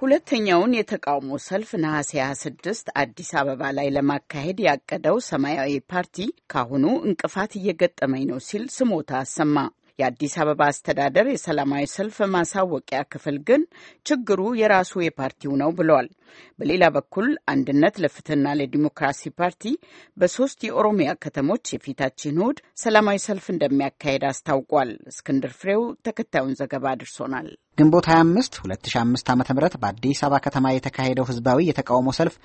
ሁለተኛውን የተቃውሞ ሰልፍ ነሐሴ 26 አዲስ አበባ ላይ ለማካሄድ ያቀደው ሰማያዊ ፓርቲ ካሁኑ እንቅፋት እየገጠመኝ ነው ሲል ስሞታ አሰማ። የአዲስ አበባ አስተዳደር የሰላማዊ ሰልፍ ማሳወቂያ ክፍል ግን ችግሩ የራሱ የፓርቲው ነው ብለዋል። በሌላ በኩል አንድነት ለፍትህና ለዲሞክራሲ ፓርቲ በሶስት የኦሮሚያ ከተሞች የፊታችን እሁድ ሰላማዊ ሰልፍ እንደሚያካሄድ አስታውቋል። እስክንድር ፍሬው ተከታዩን ዘገባ አድርሶናል። ግንቦት 25 2005 ዓ ም በአዲስ አበባ ከተማ የተካሄደው ህዝባዊ የተቃውሞ ሰልፍ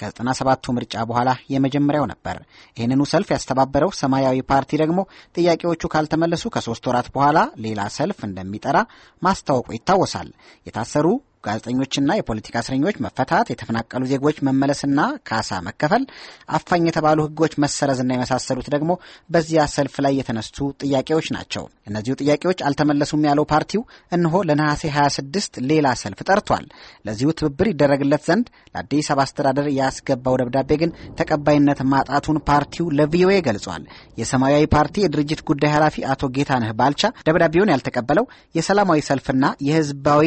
ከ 97 ምርጫ በኋላ የመጀመሪያው ነበር። ይህንኑ ሰልፍ ያስተባበረው ሰማያዊ ፓርቲ ደግሞ ጥያቄዎቹ ካልተመለሱ ከሶስት ወራት በኋላ ሌላ ሰልፍ እንደሚጠራ ማስታወቁ ይታወሳል። የታሰሩ ጋዜጠኞችና የፖለቲካ እስረኞች መፈታት፣ የተፈናቀሉ ዜጎች መመለስና ካሳ መከፈል፣ አፋኝ የተባሉ ህጎች መሰረዝና የመሳሰሉት ደግሞ በዚያ ሰልፍ ላይ የተነሱ ጥያቄዎች ናቸው። እነዚሁ ጥያቄዎች አልተመለሱም ያለው ፓርቲው እነሆ ለነሐሴ 26 ሌላ ሰልፍ ጠርቷል። ለዚሁ ትብብር ይደረግለት ዘንድ ለአዲስ አበባ አስተዳደር ያስገባው ደብዳቤ ግን ተቀባይነት ማጣቱን ፓርቲው ለቪኦኤ ገልጿል። የሰማያዊ ፓርቲ የድርጅት ጉዳይ ኃላፊ አቶ ጌታነህ ባልቻ ደብዳቤውን ያልተቀበለው የሰላማዊ ሰልፍና የህዝባዊ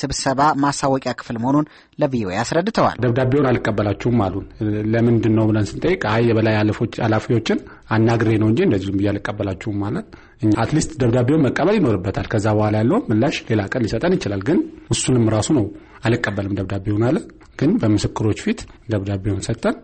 ስብሰባ ማሳወቂያ ክፍል መሆኑን ለቪኦኤ አስረድተዋል። ደብዳቤውን አልቀበላችሁም አሉን። ለምንድን ነው ብለን ስንጠይቅ አይ የበላይ ኃላፊዎችን አናግሬ ነው እንጂ እንደዚሁ ብዬ አልቀበላችሁም ማለት አትሊስት ደብዳቤውን መቀበል ይኖርበታል። ከዛ በኋላ ያለውን ምላሽ ሌላ ቀን ሊሰጠን ይችላል። ግን እሱንም ራሱ ነው አልቀበልም ደብዳቤውን አለ። ግን በምስክሮች ፊት ደብዳቤውን ሰጠን።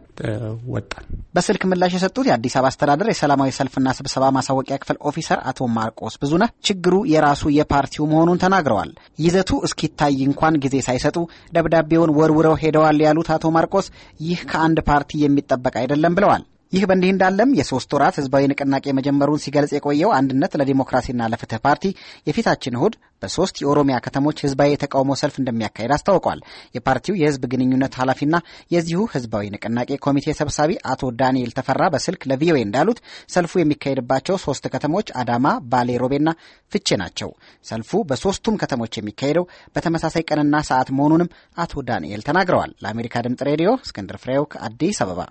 ወጣን። በስልክ ምላሽ የሰጡት የአዲስ አበባ አስተዳደር የሰላማዊ ሰልፍና ስብሰባ ማሳወቂያ ክፍል ኦፊሰር አቶ ማርቆስ ብዙነህ ችግሩ የራሱ የፓርቲው መሆኑን ተናግረዋል። ይዘቱ እስኪታይ እንኳን ጊዜ ሳይሰጡ ደብዳቤውን ወርውረው ሄደዋል ያሉት አቶ ማርቆስ ይህ ከአንድ ፓርቲ የሚጠበቅ አይደለም ብለዋል። ይህ በእንዲህ እንዳለም የሶስት ወራት ህዝባዊ ንቅናቄ መጀመሩን ሲገልጽ የቆየው አንድነት ለዲሞክራሲና ለፍትህ ፓርቲ የፊታችን እሁድ በሶስት የኦሮሚያ ከተሞች ህዝባዊ የተቃውሞ ሰልፍ እንደሚያካሄድ አስታውቋል። የፓርቲው የህዝብ ግንኙነት ኃላፊና የዚሁ ህዝባዊ ንቅናቄ ኮሚቴ ሰብሳቢ አቶ ዳንኤል ተፈራ በስልክ ለቪኦኤ እንዳሉት ሰልፉ የሚካሄድባቸው ሶስት ከተሞች አዳማ፣ ባሌ ሮቤና ፍቼ ናቸው። ሰልፉ በሶስቱም ከተሞች የሚካሄደው በተመሳሳይ ቀንና ሰዓት መሆኑንም አቶ ዳንኤል ተናግረዋል። ለአሜሪካ ድምጽ ሬዲዮ እስክንድር ፍሬው ከአዲስ አበባ